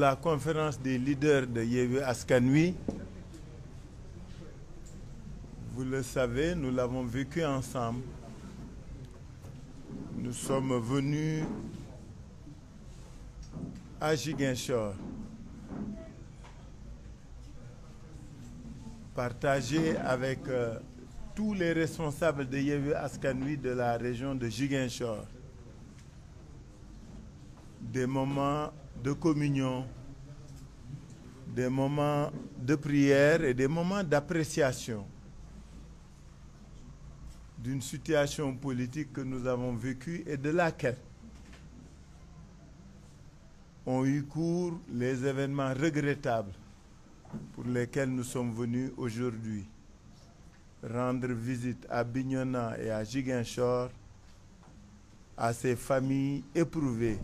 la conférence des leaders de Yévé Askanui, vous le savez, nous l'avons vécu ensemble. Nous sommes venus à Giguinchor partager avec euh, tous les responsables de Yévé Askanui de la région de Giguinchor des moments de communion, des moments de prière et des moments d'appréciation d'une situation politique que nous avons vécue et de laquelle ont eu cours les événements regrettables pour lesquels nous sommes venus aujourd'hui rendre visite à Bignona et à Giguinchor à ces familles éprouvées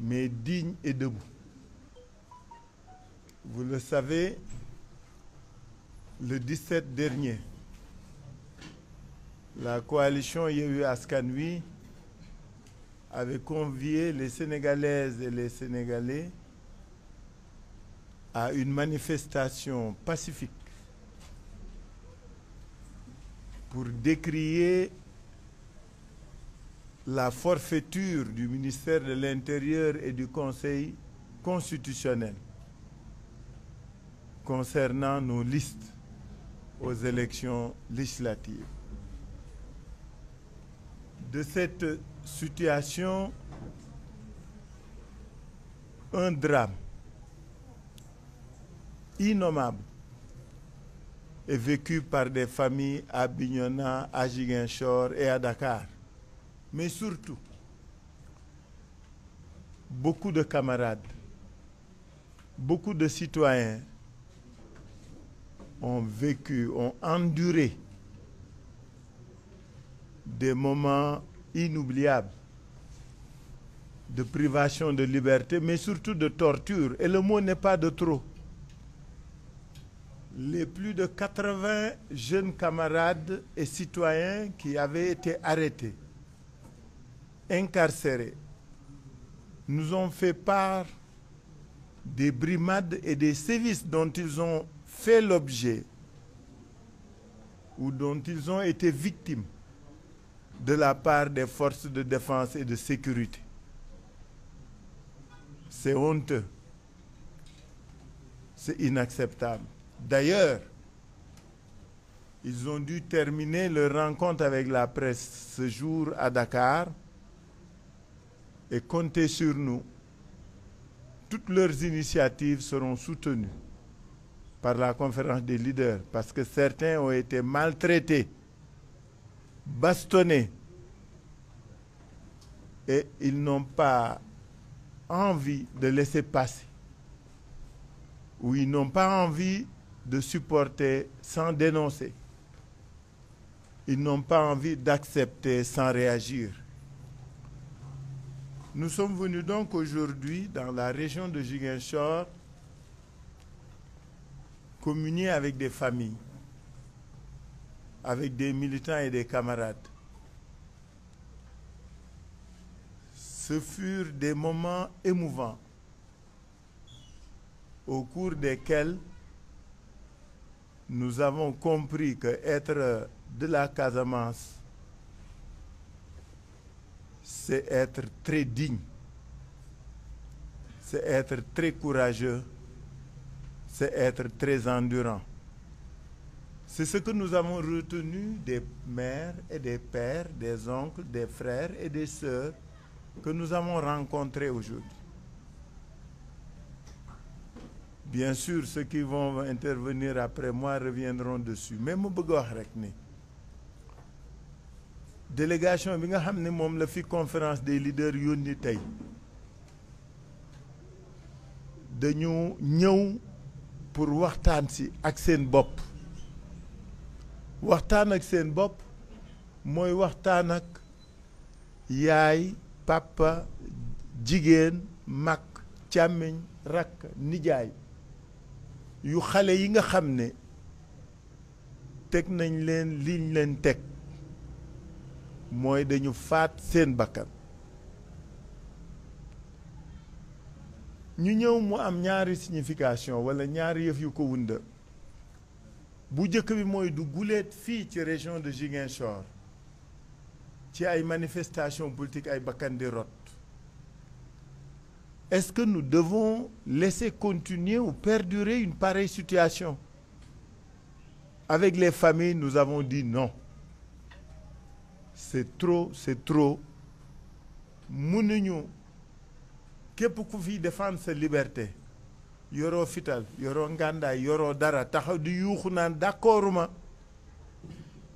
mais digne et debout. Vous le savez, le 17 dernier, la coalition Yehu Askanui avait convié les Sénégalaises et les Sénégalais à une manifestation pacifique pour décrier la forfaiture du ministère de l'Intérieur et du Conseil constitutionnel concernant nos listes aux élections législatives. De cette situation, un drame innommable est vécu par des familles à Bignona, à Giguinchor et à Dakar mais surtout beaucoup de camarades, beaucoup de citoyens ont vécu, ont enduré des moments inoubliables de privation de liberté, mais surtout de torture. Et le mot n'est pas de trop. Les plus de 80 jeunes camarades et citoyens qui avaient été arrêtés incarcérés nous ont fait part des brimades et des sévices dont ils ont fait l'objet ou dont ils ont été victimes de la part des forces de défense et de sécurité. C'est honteux. C'est inacceptable. D'ailleurs, ils ont dû terminer leur rencontre avec la presse ce jour à Dakar et comptez sur nous. Toutes leurs initiatives seront soutenues par la conférence des leaders parce que certains ont été maltraités, bastonnés et ils n'ont pas envie de laisser passer ou ils n'ont pas envie de supporter sans dénoncer. Ils n'ont pas envie d'accepter sans réagir. Nous sommes venus donc aujourd'hui dans la région de Giguinchor communier avec des familles, avec des militants et des camarades. Ce furent des moments émouvants au cours desquels nous avons compris que être de la Casamance c'est être très digne, c'est être très courageux, c'est être très endurant. C'est ce que nous avons retenu des mères et des pères, des oncles, des frères et des sœurs que nous avons rencontrés aujourd'hui. Bien sûr, ceux qui vont intervenir après moi reviendront dessus. Mais délégation bi nga xamné la fi conférence des leaders yoni tay dañu pour waxtaan si ak seen bop waxtaan ak seen papa Jigen mak chamign Rak nijaay yu xalé yi nga xamné tek nañ nous dañu faat seen bakkan ñu ñëw mu am ñaari signification wala ñaari yëf yu ko wunda bu bi du guleet fii ci région de Ziguinchor ci ay manifestations politiques ay bakkan di rot est-ce que nous devons laisser continuer ou perdurer une pareille situation avec les familles nous avons dit non c'est trop c'est trop mënuñu képp ku fi défendre sa liberté yoroo fital yoroo ngàndaay yoro dara taxaw di yuuxu naan d'accorduma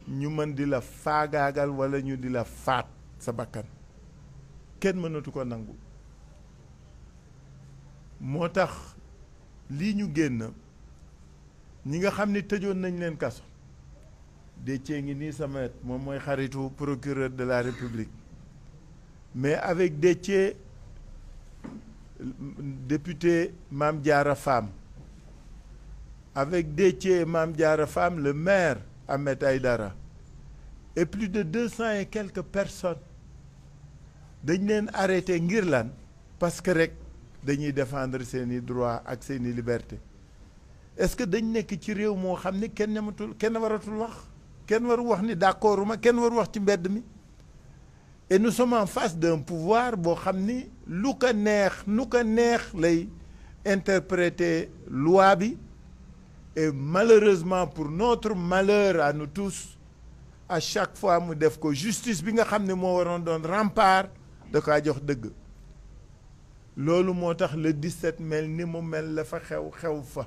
ñu mën di la faagaagal wala ñu di la faat sa bakkan kenn mënatu ko nangu moo tax lii ñu génn ñi nga xam ni tëjoon nañ leen kaso Ngini procureur de la République mais avec détié député Mamdiara Femme, avec Mam le maire Ahmed Aïdara et plus de 200 et quelques personnes dañ ont arrêté en parce que rek défendre droits, ak liberté est-ce que dañ tiré ci au Ken war wax ni d'accord ken war wax ci mbedd mi et nous sommes en face d'un pouvoir bo xamni ni lu ko neex nu ko neex lay interpréter loi bi et malheureusement pour notre malheur à nous tous à chaque fois mu def ko justice bi nga xamni mo moo waroon rempart da kaa jox deug lolou motax le 17 mel ni mu mel la fa xew xew fa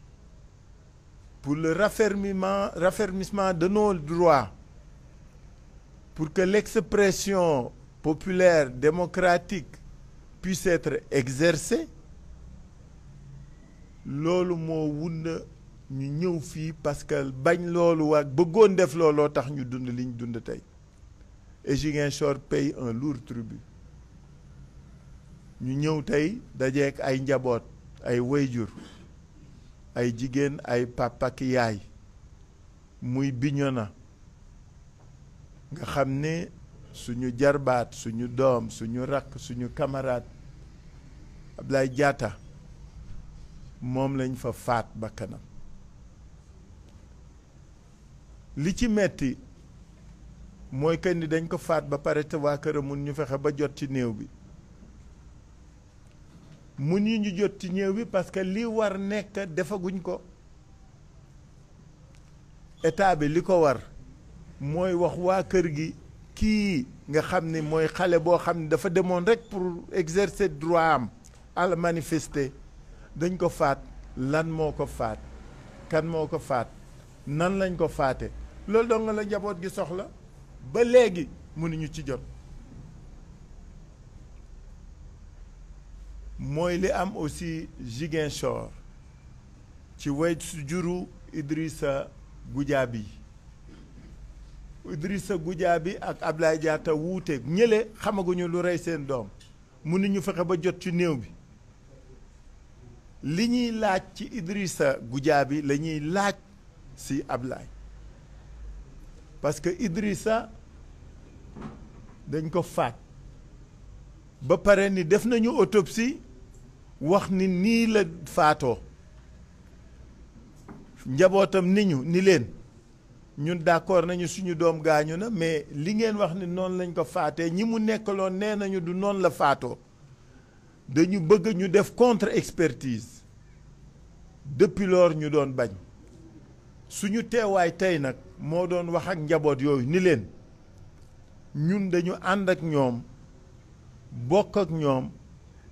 pour le raffermissement, de nos droits, pour que l'expression populaire, démocratique, puisse être exercée, lolu mo wund ñu parce que bañ loolu waa bëggoon def lolu tax ñu dund liñ dund tay et paye un lourd tribut ñu tay dajek dajeek ay njabot ay wayjur ay jigéen ay papa ak yaay muy Bignona nga xam ni suñu jarbaat suñu doom suñu rakk suñu camarade lay jaata moom lañ fa faat bakkanam li ci metti mooy que ni dañ ko faat ba pare te waa këram mun ñu fexe ba jot ci néew bi mu ñu ñu jot ci ñëw bi parce que li war nekk defaguñ ko état bi li ko war mooy wax waa kër gi kii nga xam ni mooy xale boo xam ne dafa demoon rek pour exercer droit am al manifester dañ ko faat lan moo ko faat kan moo ko faat nan lañ ko faate loolu dong la njaboot gi soxla ba léegi mënuñu ci jot mooy li am aussi Ziguinchor ci way su juru Idrissa Goudiaby Idrissa Goudiaby ak Abdoulaye Diatta wuute ñële xamaguñu lu rey seen doom mënuñu fexe ba jot ci néew bi li ñuy laaj ci Idrissa Goudiaby la lañuy laaj si Ablaye parce que sa dañ ko faat ba pare ni def nañu autopsie wax ni nii la faatoo njabootam ni ñu ni leen ñun d'accord nañu suñu doom gaañu na mais li ngeen wax ni noonu lañ ko faatee ñi mu nekkaloon nee nañu du noon la faatoo dañu bëgg ñu def contre-expertise depuis ñu doon bañ suñu teewaay tey nag moo doon wax ak njaboot yooyu ni leen ñun dañu ànd ak ñoom bokk ak ñoom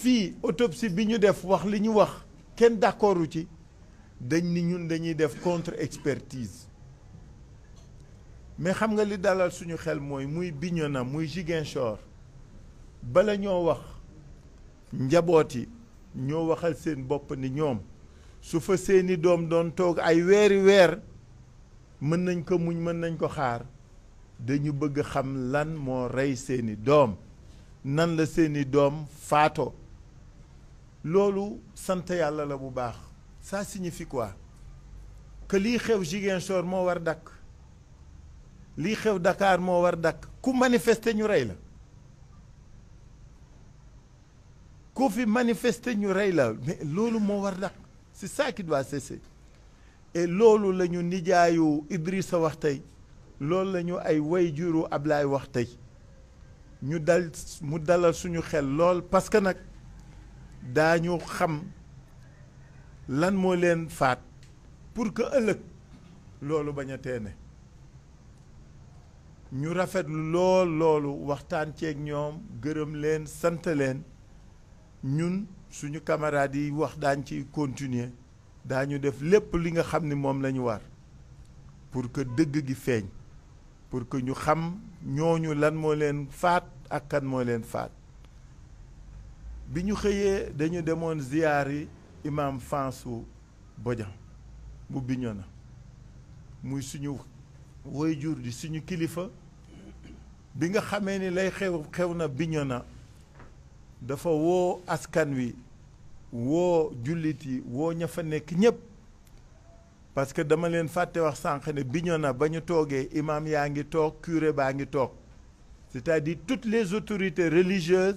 fii autopsie bi ñu def wax li ñu wax kenn d'accordu ci dañ ni ñun dañuy def contre expertise mais xam nga li dalal suñu xel mooy muy na muy Ziguinchor bala ñoo wax njaboot yi ñoo waxal seen bopp ni ñoom su fa seeni doom doon toog ay weeri weer mën nañ ko muñ mën nañ ko xaar dañu bëgg xam lan moo rey seeni doom nan la seeni doom faato lolu sante yalla la bu baax ça signifie quoi que li xew Ziguinchor mo war dak li xew Dakar mo war dak ku manifester ñu ray la ku fi manifester ñu ray la mais lolu mo war dak c'est ça qui doit cesser et lolu la ñu nijaayu Idrissa wax tay lolu la ñu ay way ablay wax tay ñu dal mu dalal suñu xel lool parce que nak daañu xam lan moo leen faat pour que ëllëg loolu bañ a teene ñu rafetlu lool loolu waxtaan ceeg ñoom gërëm leen sant leen ñun suñu camarades yi wax daañ ci continuer daañu def lépp li nga xam ni moom lañu war pour que dëgg gi feeñ pour que ñu xam ñooñu lan moo leen faat ak kan moo leen faat biñu xeyé dañu imam Fansu Bodjan, bu biñona muy suñu wayjur di suñu kilifa bi nga xamé ni lay xew xewna dafa Wo askan wi wo jullit wo woo parce que dama leen fàtte wax sànq ne Bignona ba imam yaangi tok curé c'est-à-dire toutes les autorités religieuses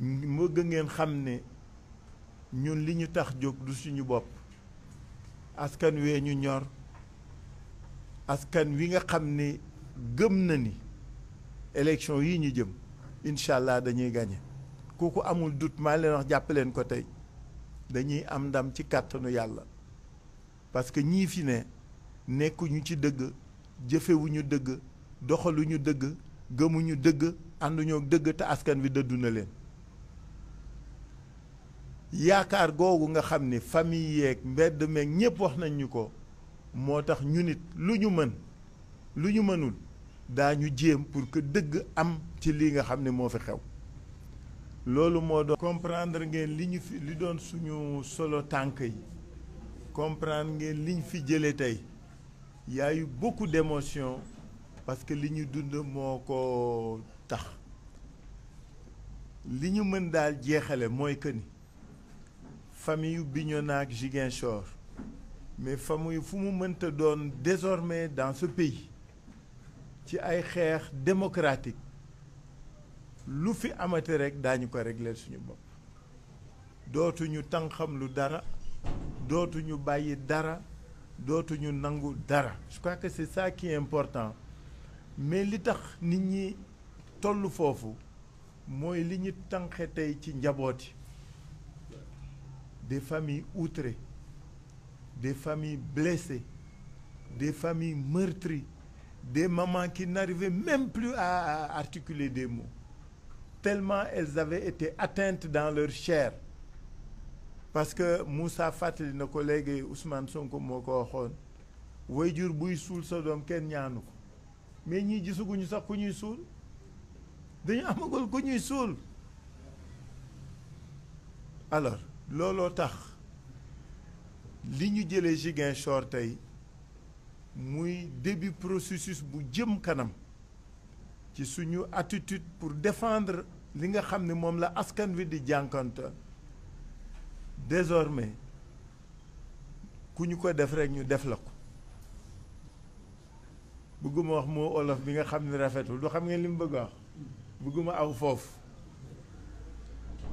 bëgg ngeen xam ne ñun li ñu tax jóg du suñu bopp askan wee ñu ñor askan wi nga xam ni gëm na ni élection yi ñu jëm incha allah dañuy gagné kooku amul doute maa leen wax jàpp leen ko tey dañuy am ndam ci kàttanu yàlla parce que ñii fi ne nekkuñu ci dëgg jëfewuñu dëgg doxaluñu dëgg gëmuñu dëgg ànduñoo dëgg te askan wi dëddu na leen yaakaar googu nga xam ni famille yeeg mbedd meeg ñëpp wax nañ ñu ko moo tax ñu nit lu ñu mën lu ñu mënul daañu jéem pour que dëgg am ci lii nga xam ne moo fi xew loolu moo doon comprendre ngeen li ñu fi li doon suñu solo tànk yi comprendre ngeen liñ fi jëlee tey yaayu a eu beaucoup parce que li ñu dund moo ko tax li ñu mën daal jeexale mooy que ni famille Bignonac, Bignona mais famille fu mu désormais dans ce pays ci ay xeex démocratique lu fi amate rek daañu ko régler suñu D'autres dootuñu tankham lu dara dootuñu bàyyi dara d'autres dootuñu n'angou dara je crois que c'est ça qui est important mais li tax nit ñi toll foofu mooy li ñu tànqe tey ci njaboot des familles outrées, des familles blessées, des familles meurtries, des mamans qui n'arrivaient même plus à, articuler des mots, tellement elles avaient été atteintes dans leur chair. parce que Moussa Fat, nos collègues, Ousmane Sonko comme ko mais ni sax ñuy alors lolo tax li ñu jëlee Ziguinchor tey muy début processus bu jëm kanam ci suñu attitude pour défendre li nga xamné mom la askan wi di jànkonte désormais ku ñu ko def rek ñu def la ko bëgguma wax mo olof bi nga xamné ne rafetul du xam ngeen lim bëgg wax bëgguma aw foofu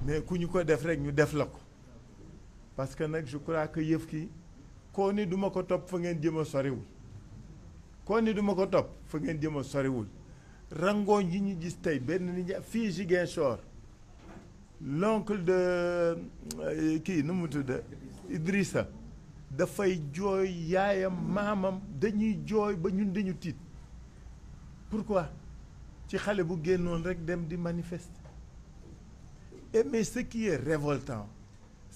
mais ku ñu ko def rek ñu def la ko parce que nag je crois que yëf ki koo ni duma ko topp fa ngeen djema a soriwul koo ni duma ko topp fa ngeen djema a soriwul rangooñ ñi gis tay ben l'oncle de qui, euh, nu mu tudd Idrissa fay joy yaayam mamam dañuy joy ba ñun dañu tit. pourquoi ci xalé bu génnoon rek dem di manifester et mais ce qui est révoltant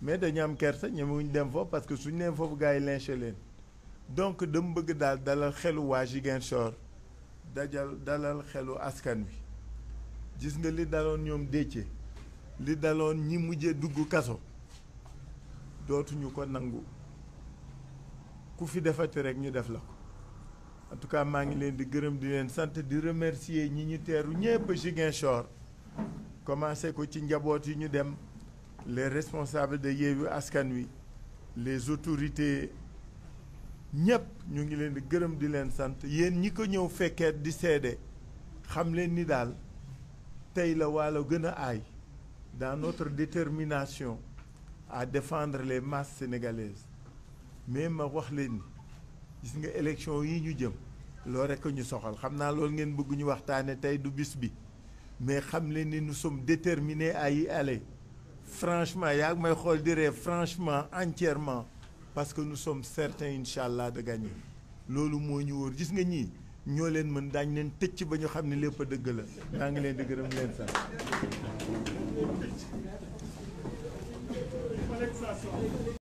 mais dañu am kersa ñemewuñ dem fo parce que suñu leen fofu gars yi lynché leen donc dem bëgg dal dalal xelu waa Ziguinchor dajal dalal xelu askan bi gis nga li dalon ñom décce li dalon ñi mujjé dugg kasso kaso ñu ko nangu ku fi defati rek ñu def la ko en tout cas maa ngi leen di gërëm di leen sant di remercier ñi ñu teeru ñépp Ziguinchor commencé ko ci njaboot yi ñu dem les responsables de Yewwi Askanui, les autorités ñep ñu ngi leen di gërëm di leen sant yeen ñi ko ñëw fekkee di seede xam dans notre détermination à défendre les masses sénégalaises même ma wax leen élection yi ñu jëm loo rek ñu soxal xam ngeen mais nous sommes déterminés à y aller franchement yaa ngi may xool di franchement entièrement parce que nous sommes certains Inch'Allah, de gagner loolu moo ñu wóor gis nga ñii ñoo leen mën daañ leen tëcc ba ñu xam ne lépp a dëgg la maa ngi leen di gërëm leen sax.